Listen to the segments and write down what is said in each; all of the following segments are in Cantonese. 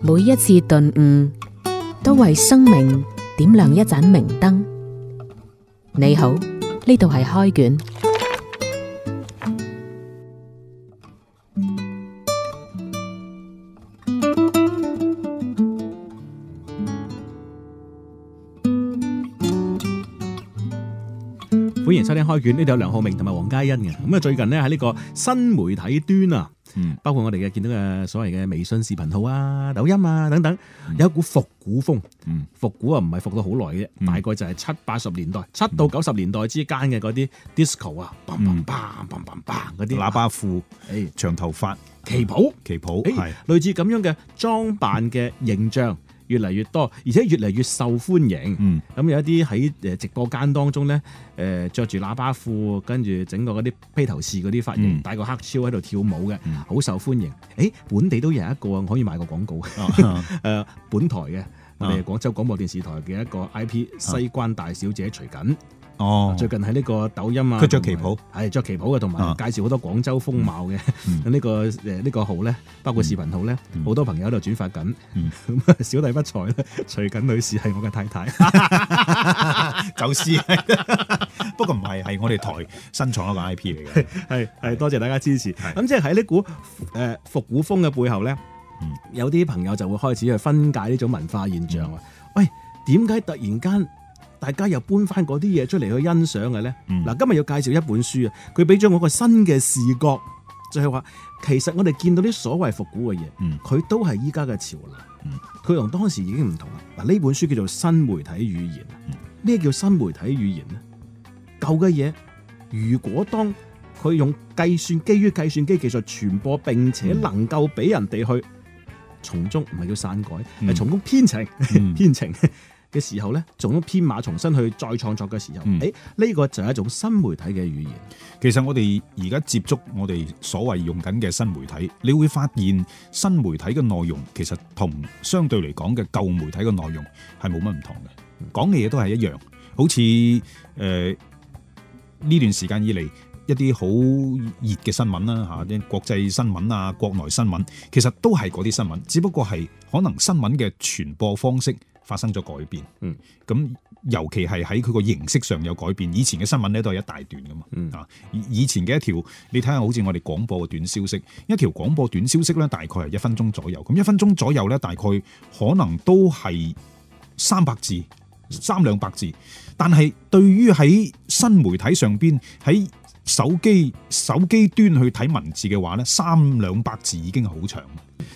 每一次頓悟，都為生命點亮一盞明燈。你好，呢度係開卷。歡迎收聽開卷，呢度有梁浩明同埋黃嘉欣嘅。咁啊，最近呢喺呢個新媒體端啊。嗯，包括我哋嘅見到嘅所謂嘅微信視頻號啊、抖音啊等等，有一股復古風。嗯，復古啊，唔係復到好耐嘅啫，大概就係七八十年代、七到九十年代之間嘅嗰啲 disco 啊，bang bang bang bang bang 嗰啲喇叭褲，誒長頭髮，旗、哎、袍，旗袍，係、哎、類似咁樣嘅裝扮嘅形象。嗯越嚟越多，而且越嚟越受歡迎。咁、嗯嗯、有一啲喺誒直播間當中咧，誒著住喇叭褲，跟住整個嗰啲披頭士嗰啲髮型，戴、嗯、個黑超喺度跳舞嘅，好、嗯、受歡迎。誒，本地都有一個可以賣個廣告嘅，啊啊、 本台嘅、啊，我哋廣州廣播電視台嘅一個 IP、啊、西關大小姐徐瑾。哦，最近喺呢個抖音啊，佢着旗袍，係着旗袍嘅，同埋介紹好多廣州風貌嘅。咁、嗯嗯這個這個、呢個誒呢個號咧，包括視頻號咧，好、嗯、多朋友喺度轉發緊、嗯嗯。小弟不才啦，徐錦女士係我嘅太太，就 是，不過唔係，係我哋台新創一個 IP 嚟嘅，係係多謝大家支持。咁即係喺呢股誒復、呃、古風嘅背後咧、嗯，有啲朋友就會開始去分解呢種文化現象啊、嗯。喂，點解突然間？大家又搬翻嗰啲嘢出嚟去欣賞嘅咧，嗱、嗯、今日要介紹一本書啊，佢俾咗我個新嘅視覺，就係、是、話其實我哋見到啲所謂復古嘅嘢，佢、嗯、都係依家嘅潮流，佢、嗯、同當時已經唔同啦。嗱呢本書叫做《新媒體語言》嗯，咩叫新媒體語言咧？舊嘅嘢如果當佢用計算基於計算機技術傳播並且能夠俾人哋去從中唔係叫篡改，係、嗯、從中編程、嗯、編程。編程嘅時候呢，仲用編碼重新去再創作嘅時候，誒、嗯、呢、欸呢個就係一種新媒體嘅語言。其實我哋而家接觸我哋所謂用緊嘅新媒體，你會發現新媒體嘅內容其實同相對嚟講嘅舊媒體嘅內容係冇乜唔同嘅，講嘅嘢都係一樣。好似誒呢段時間以嚟一啲好熱嘅新聞啦，嚇啲國際新聞啊、國內新聞，其實都係嗰啲新聞，只不過係可能新聞嘅傳播方式發生咗改變，咁尤其係喺佢個形式上有改變。以前嘅新聞咧都係一大段噶嘛，啊，以前嘅一條，你睇下好似我哋廣播嘅短消息，一條廣播短消息咧大概係一分鐘左右，咁一分鐘左右咧大概可能都係三百字，三兩百字。但係對於喺新媒體上邊喺手機手機端去睇文字嘅話咧，三兩百字已經好長，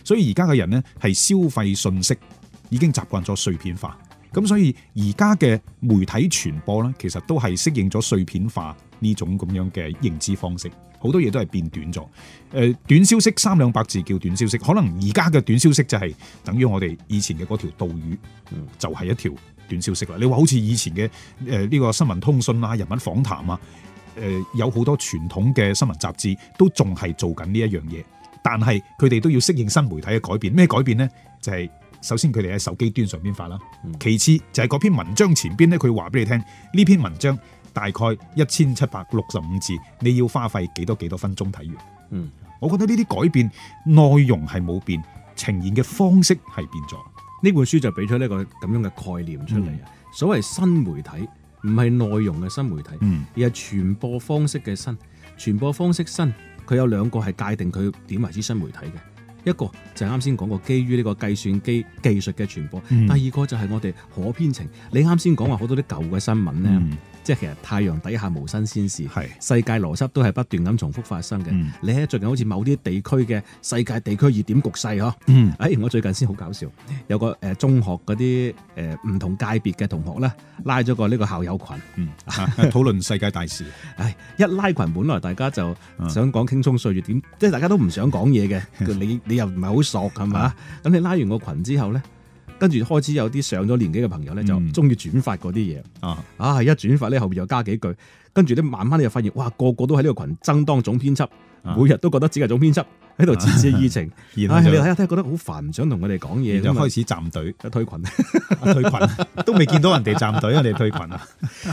所以而家嘅人呢，係消費信息，已經習慣咗碎片化，咁所以而家嘅媒體傳播呢，其實都係適應咗碎片化呢種咁樣嘅認知方式。好多嘢都係變短咗。誒、呃、短消息三兩百字叫短消息，可能而家嘅短消息就係、是、等於我哋以前嘅嗰條導語，就係、是、一條短消息啦。你話好似以前嘅誒呢個新聞通訊啊、人民訪談啊，誒、呃、有好多傳統嘅新聞雜誌都仲係做緊呢一樣嘢，但係佢哋都要適應新媒體嘅改變。咩改變呢？就係、是。首先佢哋喺手機端上邊發啦，其次就係嗰篇文章前邊咧，佢話俾你聽呢篇文章大概一千七百六十五字，你要花費幾多幾多分鐘睇完。嗯，我覺得呢啲改變內容係冇變，呈現嘅方式係變咗。呢本書就俾咗呢個咁樣嘅概念出嚟啊、嗯。所謂新媒體唔係內容嘅新媒體，嗯、而係傳播方式嘅新傳播方式新。佢有兩個係界定佢點為之新媒體嘅。一個就係啱先講過，基於呢個計算機技術嘅傳播、嗯；第二個就係我哋可編程。你啱先講話好多啲舊嘅新聞咧。嗯。即係其實太陽底下無新鮮事是，世界邏輯都係不斷咁重複發生嘅、嗯。你喺最近好似某啲地區嘅世界地區熱點局勢嗬，喺、嗯哎、我最近先好搞笑，有個誒中學嗰啲誒唔同界別嘅同學咧，拉咗個呢個校友群，討、嗯、論、啊、世界大事。 哎、一拉群本來大家就想講輕鬆歲月點，點、啊、即係大家都唔想講嘢嘅。你你又唔係好熟係嘛？咁、啊、你拉完個群之後咧？跟住開始有啲上咗年紀嘅朋友咧，就中意轉發嗰啲嘢啊！啊，一轉發咧，後面又加幾句，跟住咧慢慢你就發現，哇！個個都喺呢個群爭當總編輯，啊，每日都覺得自己係總編輯喺度自製疫情，然後、哎、你睇下睇下覺得好煩，唔想同佢哋講嘢，就開始站隊，一退群， 退群，都未見到人哋站隊，人哋退群啊！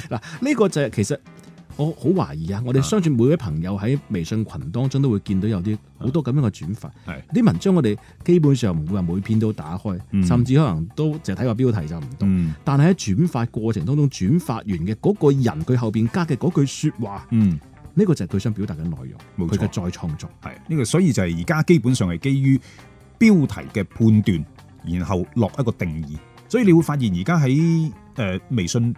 嗱，呢個就其實。我好懷疑啊！我哋相信每位朋友喺微信群當中都會見到有啲好多咁樣嘅轉發。啲、嗯、文章我哋基本上唔會話每篇都打開，嗯、甚至可能都淨係睇個標題就唔讀、嗯。但係喺轉發過程當中，轉發完嘅嗰個人佢後面加嘅嗰句説話，呢、嗯，呢個就係佢想表達嘅內容。佢嘅再創作係呢個，所以就係而家基本上係基於標題嘅判斷，然後落一個定義。所以你會發現而家喺誒微信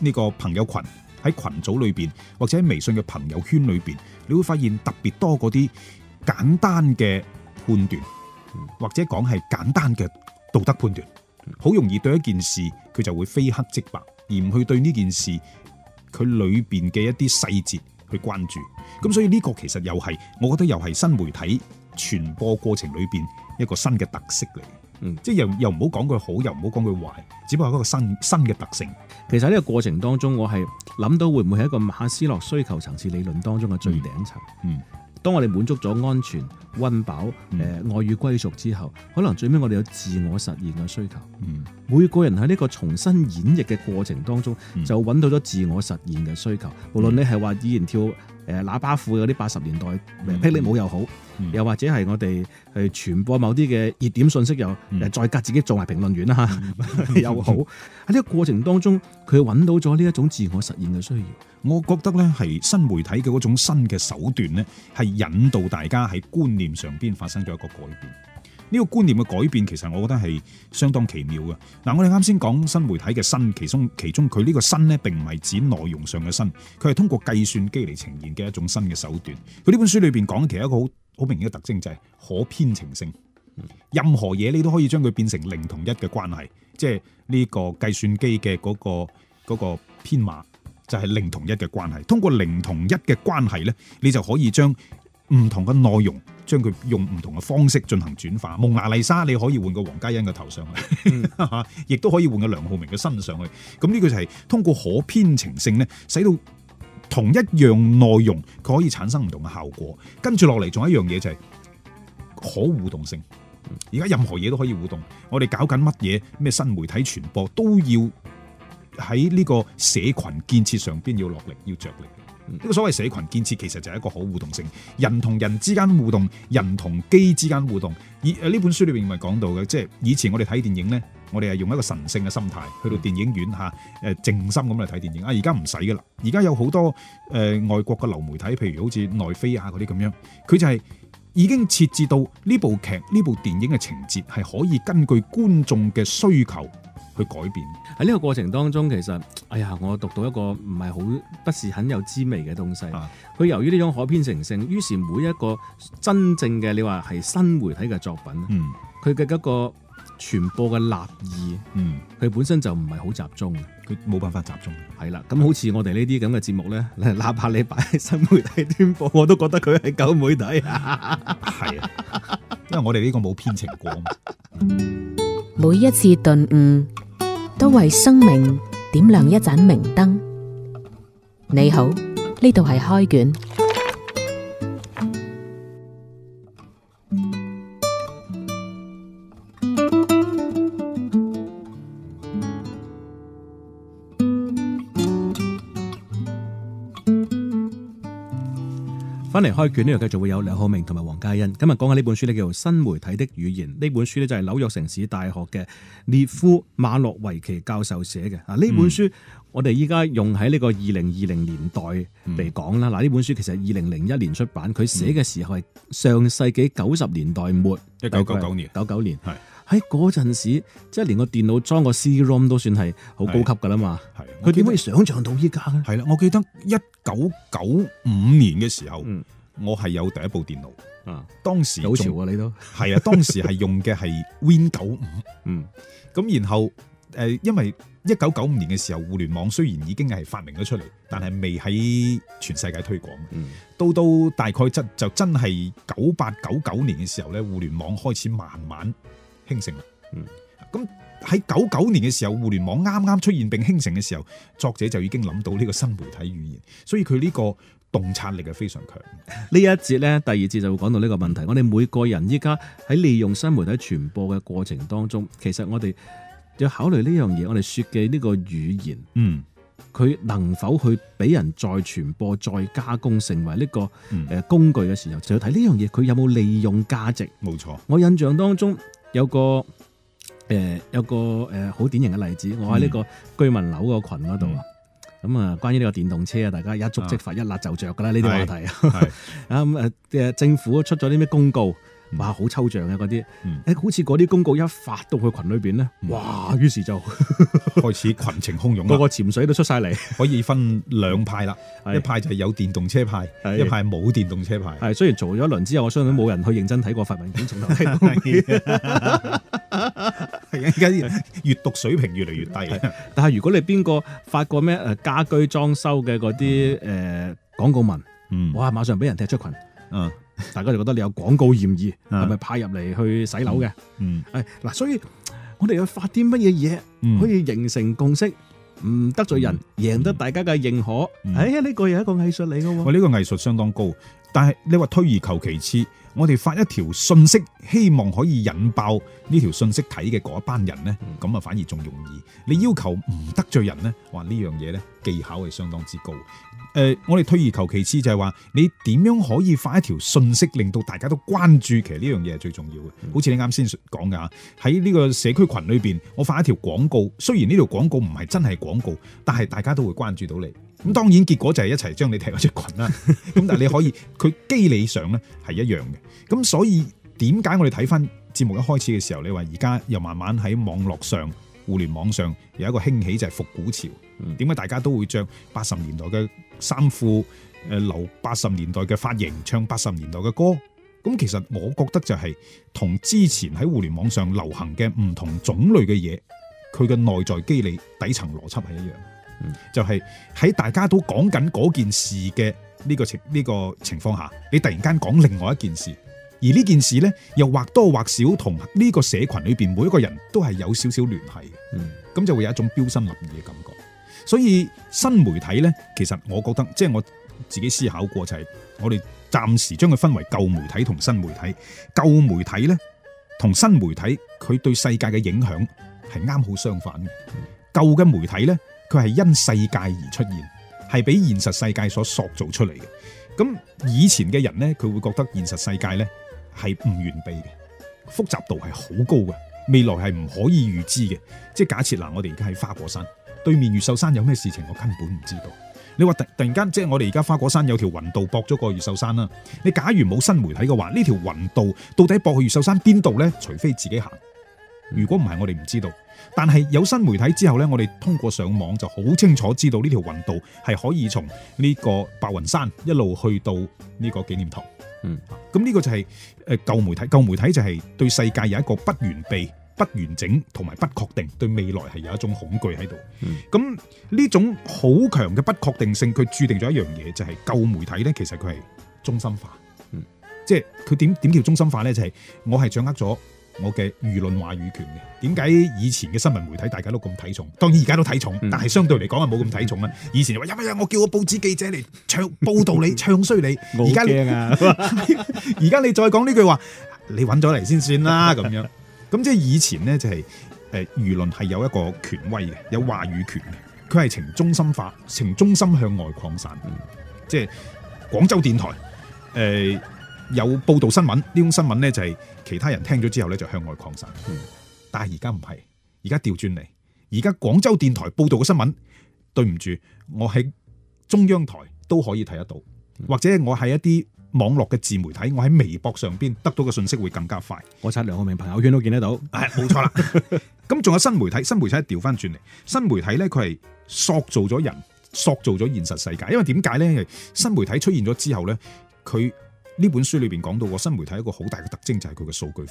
呢個朋友群。喺群組裏邊，或者喺微信嘅朋友圈裏邊，你會發現特別多嗰啲簡單嘅判斷，或者講係簡單嘅道德判斷，好容易對一件事佢就會非黑即白，而唔去對呢件事佢裏邊嘅一啲細節去關注。咁所以呢個其實又係，我覺得又係新媒體傳播過程裏邊一個新嘅特色嚟。嗯，即又又唔好講佢好，又唔好講佢壞，只不過係一個新新嘅特性。其實呢個過程當中，我係諗到會唔會係一個馬斯洛需求層次理論當中嘅最頂層。嗯，嗯當我哋滿足咗安全、溫飽、誒、呃嗯、愛與歸屬之後，可能最尾我哋有自我實現嘅需求、嗯。每個人喺呢個重新演繹嘅過程當中，就揾到咗自我實現嘅需求。無論你係話依然跳。誒，喇叭褲嗰啲八十年代霹靂舞又好、嗯，又或者係我哋去傳播某啲嘅熱點信息又、嗯，再隔自己做埋評論員啦嚇又好，喺呢 個過程當中，佢揾到咗呢一種自我實現嘅需要。我覺得咧係新媒體嘅嗰種新嘅手段咧，係引導大家喺觀念上邊發生咗一個改變。呢、這個觀念嘅改變其實我覺得係相當奇妙嘅。嗱，我哋啱先講新媒體嘅新，其中其中佢呢個新呢並唔係指內容上嘅新，佢係通過計算機嚟呈現嘅一種新嘅手段。佢呢本書裏邊講，其實一個好好明顯嘅特徵就係可編程性。任何嘢你都可以將佢變成零同一嘅關係，那個，即係呢個計算機嘅嗰個嗰個編碼就係零同一嘅關係。通過零同一嘅關係呢，你就可以將唔同嘅內容。將佢用唔同嘅方式進行轉化，蒙娜麗莎你可以換個黃嘉欣嘅頭上去，亦、嗯、都 可以換個梁浩明嘅身上去。咁呢個就係通過可編程性呢，使到同一樣內容佢可以產生唔同嘅效果。跟住落嚟仲有一樣嘢就係可互動性。而家任何嘢都可以互動，我哋搞緊乜嘢咩新媒體傳播都要。喺呢個社群建設上邊要落力，要着力。呢個所謂社群建設其實就係一個好互動性，人同人之間互動，人同機之間互動。而誒呢本書裏邊咪講到嘅，即係以前我哋睇電影呢，我哋係用一個神聖嘅心態去到電影院嚇，誒、呃、靜心咁嚟睇電影。啊，而家唔使噶啦，而家有好多誒、呃、外國嘅流媒體，譬如好似奈飛啊嗰啲咁樣，佢就係已經設置到呢部劇、呢部電影嘅情節係可以根據觀眾嘅需求。去改變。喺呢個過程當中，其實哎呀，我讀到一個唔係好不是很有滋味嘅東西。佢、啊、由於呢種可編程性，於是每一個真正嘅你話係新媒體嘅作品，佢、嗯、嘅一個傳播嘅立意，佢、嗯、本身就唔係好集中，佢冇辦法集中。係啦，咁好似我哋呢啲咁嘅節目呢，嗯、哪怕你擺喺新媒體傳播，我都覺得佢係舊媒體、嗯、 是啊。係啊，因為我哋呢個冇編程過、嗯。每一次頓悟。都為生命點亮一盞明燈。你好，呢度係開卷。嚟開卷，呢度繼續會有劉浩明同埋黃嘉欣。今日講下呢本書呢，叫做《新媒體的語言》。呢本書呢，就係紐約城市大學嘅列夫馬洛維奇教授寫嘅。嗱，呢本書我哋依家用喺呢個二零二零年代嚟講啦。嗱，呢本書其實二零零一年出版，佢寫嘅時候係上世紀九十年代末，一九九九年，九九年係。喺嗰陣時，即係連個電腦裝個 CD-ROM 都算係好高級㗎喇嘛。係佢點可以想象到依家咧？係啦，我記得一九九五年嘅時候，嗯、我係有第一部電腦啊。當時好潮啊！你都係啊， 當時係用嘅係 Win 九五嗯咁，然後誒，因為一九九五年嘅時候，互聯網雖然已經係發明咗出嚟，但係未喺全世界推廣。嗯、到到大概即就，就真係九八九九年嘅時候咧，互聯網開始慢慢。興盛，嗯，咁喺九九年嘅時候，互聯網啱啱出現並興盛嘅時候，作者就已經諗到呢個新媒體語言，所以佢呢個洞察力係非常強。呢一節呢，第二節就會講到呢個問題。我哋每個人依家喺利用新媒體傳播嘅過程當中，其實我哋要考慮呢樣嘢，我哋說嘅呢個語言，嗯，佢能否去俾人再傳播、再加工成為呢個誒工具嘅時候，就要睇呢樣嘢，佢有冇利用價值？冇錯，我印象當中。有個誒、呃，有個誒，好、呃、典型嘅例子，我喺呢個居民樓個群嗰度啊，咁、嗯、啊，關於呢個電動車啊，大家一觸即發、啊，一辣就着噶啦，呢啲話題，誒、 嗯、政府出咗啲咩公告。哇，好抽象嘅嗰啲，誒、嗯欸，好似嗰啲公告一發到去群裏邊咧、嗯，哇，於是就開始群情洶湧，個個潛水都出晒嚟，可以分兩派啦，一派就係有電動車派，一派冇電動車派。係雖然做咗一輪之後，我相信冇人去認真睇過份文件，從頭睇文件，而家啲閱讀水平越嚟越低。但係如果你邊個發個咩誒家居裝修嘅嗰啲誒廣告文，我哇，馬上俾人踢出群，嗯。大家就覺得你有廣告嫌疑，係、啊、咪派入嚟去洗樓嘅？嗯，係、嗯、嗱，所以我哋要發啲乜嘢嘢，可以形成共識，唔得罪人，贏、嗯、得大家嘅認可。嗯、哎呢、呢個又係一個藝術嚟嘅喎，我呢、呢個藝術相當高，但係你話推而求其次。我哋發一條信息，希望可以引爆呢條信息睇嘅嗰一班人呢，咁啊反而仲容易。你要求唔得罪人呢，話呢樣嘢呢，技巧係相當之高。誒、呃，我哋退而求其次就係話，你點樣可以發一條信息，令到大家都關注？其實呢樣嘢係最重要嘅、嗯。好似你啱先講噶。喺呢個社區群裏邊，我發一條廣告，雖然呢條廣告唔係真係廣告，但係大家都會關注到你。咁當然結果就係一齊將你踢咗出群啦。咁但係你可以，佢機理上咧係一樣嘅。咁所以點解我哋睇翻節目一開始嘅時候，你話而家又慢慢喺網絡上、互聯網上有一個興起就係復古潮。點解大家都會著八十年代嘅衫褲、誒留八十年代嘅髮型、唱八十年代嘅歌？咁其實我覺得就係、是、同之前喺互聯網上流行嘅唔同種類嘅嘢，佢嘅內在機理、底層邏輯係一樣嘅。就係、是、喺大家都講緊嗰件事嘅呢個情呢個情況下，你突然間講另外一件事，而呢件事呢，又或多或少同呢個社群裏邊每一個人都係有少少聯繫嘅，咁、嗯、就會有一種標新立異嘅感覺。所以新媒體呢，其實我覺得即係、就是、我自己思考過就係，我哋暫時將佢分為舊媒體同新媒體，舊媒體呢，同新媒體佢對世界嘅影響係啱好相反嘅，舊嘅媒體呢。佢係因世界而出現，係畀現實世界所塑造出嚟嘅。咁以前嘅人呢，佢會覺得現實世界呢係唔完備嘅，複雜度係好高嘅，未來係唔可以預知嘅。即係假設嗱、啊，我哋而家喺花果山對面，越秀山有咩事情，我根本唔知道。你話突突然間，即係我哋而家花果山有條雲道駁咗過越秀山啦。你假如冇新媒體嘅話，呢條雲道到底駁去越秀山邊度呢？除非自己行。如果唔係，我哋唔知道。但係有新媒體之後呢，我哋通過上網就好清楚知道呢條雲道係可以從呢個白雲山一路去到呢個紀念堂。嗯，咁呢個就係誒舊媒體。舊媒體就係對世界有一個不完備、不完整同埋不確定，對未來係有一種恐懼喺度。咁呢種好強嘅不確定性，佢註定咗一樣嘢，就係舊媒體呢，其實佢係中心化。嗯，即係佢點點叫中心化呢？就係我係掌握咗。我嘅輿論話語權嘅。點解以前嘅新聞媒體大家都咁睇重，當然而家都睇重，但係相對嚟講係冇咁睇重啦。以前話有咪有，我叫個報紙記者嚟唱報導你，唱衰你。我好驚啊！而家你再講呢句話，你揾咗嚟先算啦咁樣。咁即係以前呢、就是，就係誒輿論係有一個權威嘅，有話語權嘅，佢係呈中心化，呈中心向外擴散。即、就、係、是、廣州電台誒。欸有報道新聞呢種新聞呢，就係其他人聽咗之後呢，就向外擴散。嗯，但係而家唔係，而家調轉嚟，而家廣州電台報道嘅新聞，對唔住，我喺中央台都可以睇得到，或者我喺一啲網絡嘅自媒體，我喺微博上邊得到嘅信息會更加快。我查兩個名朋友圈都見得到，冇、哎、錯啦。咁 仲有新媒體，新媒體調翻轉嚟，新媒體呢，佢係塑造咗人，塑造咗現實世界。因為點解呢？因為新媒體出現咗之後呢，佢呢本書裏邊講到個新媒體一個好大嘅特徵就係佢嘅數據庫，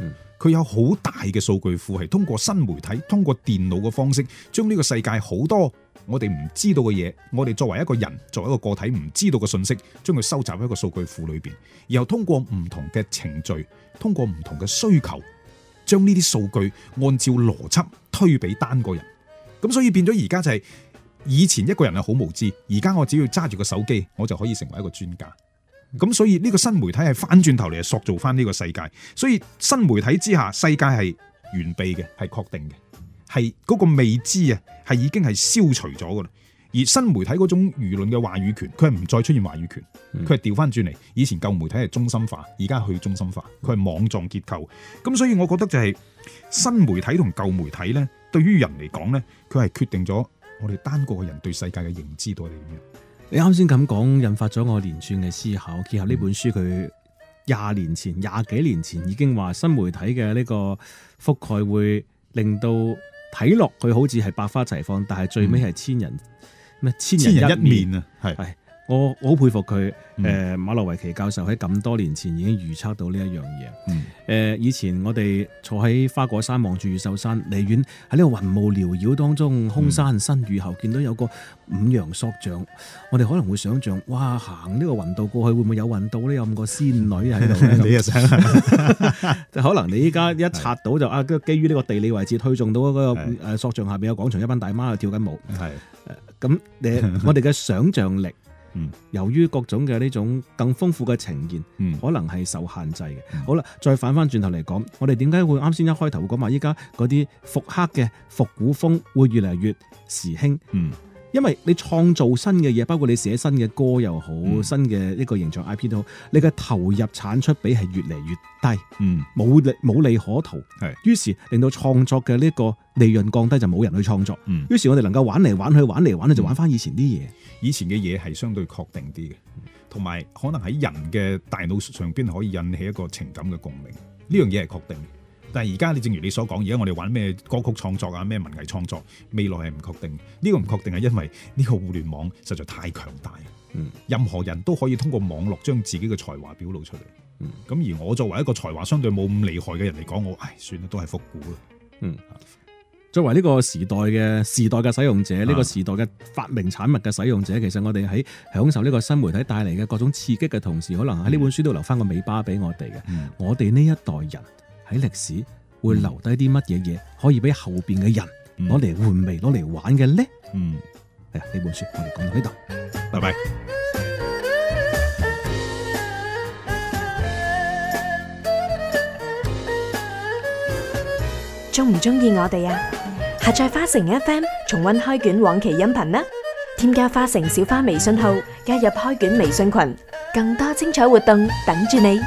嗯，佢有好大嘅數據庫，係通過新媒體，通過電腦嘅方式，將呢個世界好多我哋唔知道嘅嘢，我哋作為一個人作為一個個體唔知道嘅信息，將佢收集喺一個數據庫裏邊，然後通過唔同嘅程序，通過唔同嘅需求，將呢啲數據按照邏輯推俾單個人。咁所以變咗而家就係、是、以前一個人係好無知，而家我只要揸住個手機，我就可以成為一個專家。咁所以呢個新媒體係翻轉頭嚟，塑造翻呢個世界。所以新媒體之下，世界係完備嘅，係確定嘅，係嗰個未知啊，係已經係消除咗噶啦。而新媒體嗰種輿論嘅話語權，佢係唔再出現話語權，佢係調翻轉嚟。以前舊媒體係中心化，而家去中心化，佢係網狀結構。咁所以我覺得就係新媒體同舊媒體呢，對於人嚟講呢，佢係決定咗我哋單個嘅人對世界嘅認知到底點樣。你啱先咁講，引發咗我連串嘅思考，結合呢本書佢廿年前，廿幾年前已經話新媒體嘅呢個覆蓋會令到睇落去好似係百花齊放，但係最尾係千人咩、嗯、千，千人一面啊，係。我好佩服佢，誒、呃、馬諾維奇教授喺咁多年前已經預測到呢一樣嘢。以前我哋坐喺花果山望住越秀山，離遠喺呢個雲霧繚繞當中，空山新雨後，見到有個五羊塑像，我哋可能會想象，哇行呢個雲道過去會唔會有雲道呢？有個個仙女喺度咧？咁 就可能你依家一刷到就啊，基於呢個地理位置推中到嗰個塑像下面，有廣場，一班大媽喺度跳緊舞。係，咁、呃、我哋嘅想像力。嗯、由於各種嘅呢種更豐富嘅呈現，嗯、可能係受限制嘅、嗯。好啦，再反翻轉頭嚟講，我哋點解會啱先一開頭會講話依家嗰啲複刻嘅復古風會越嚟越時興？嗯因為你創造新嘅嘢，包括你寫新嘅歌又好，嗯、新嘅一個形象 IP 都好，你嘅投入產出比係越嚟越低，嗯，冇利冇利可圖，係。於是令到創作嘅呢個利潤降低就冇人去創作，嗯，於是我哋能夠玩嚟玩去，玩嚟玩去就玩翻以前啲嘢，以前嘅嘢係相對確定啲嘅，同埋可能喺人嘅大腦上邊可以引起一個情感嘅共鳴，呢樣嘢係確定。但係而家你正如你所講，而家我哋玩咩歌曲創作啊，咩文藝創作，未來係唔確定。呢個唔確定係因為呢個互聯網實在太強大，嗯，任何人都可以通過網絡將自己嘅才華表露出嚟。嗯，咁而我作為一個才華相對冇咁厲害嘅人嚟講，我，唉算啦，都係復古啦。嗯，作為呢個時代嘅時代嘅使用者，啊，呢個時代嘅發明產物嘅使用者，其實我哋喺享受呢個新媒體帶嚟嘅各種刺激嘅同時，可能喺呢本書都留翻個尾巴俾我哋嘅、嗯。我哋呢一代人。喺歷史會留低啲乜嘢嘢可以俾後邊嘅人攞嚟回味、攞嚟玩嘅呢？嗯，係啊，呢本書我哋講到呢度，拜拜。中唔中意我哋啊？下載花城 FM 重溫開卷往期音頻呢？添加花城小花微信號，加入開卷微信群，更多精彩活動等住你。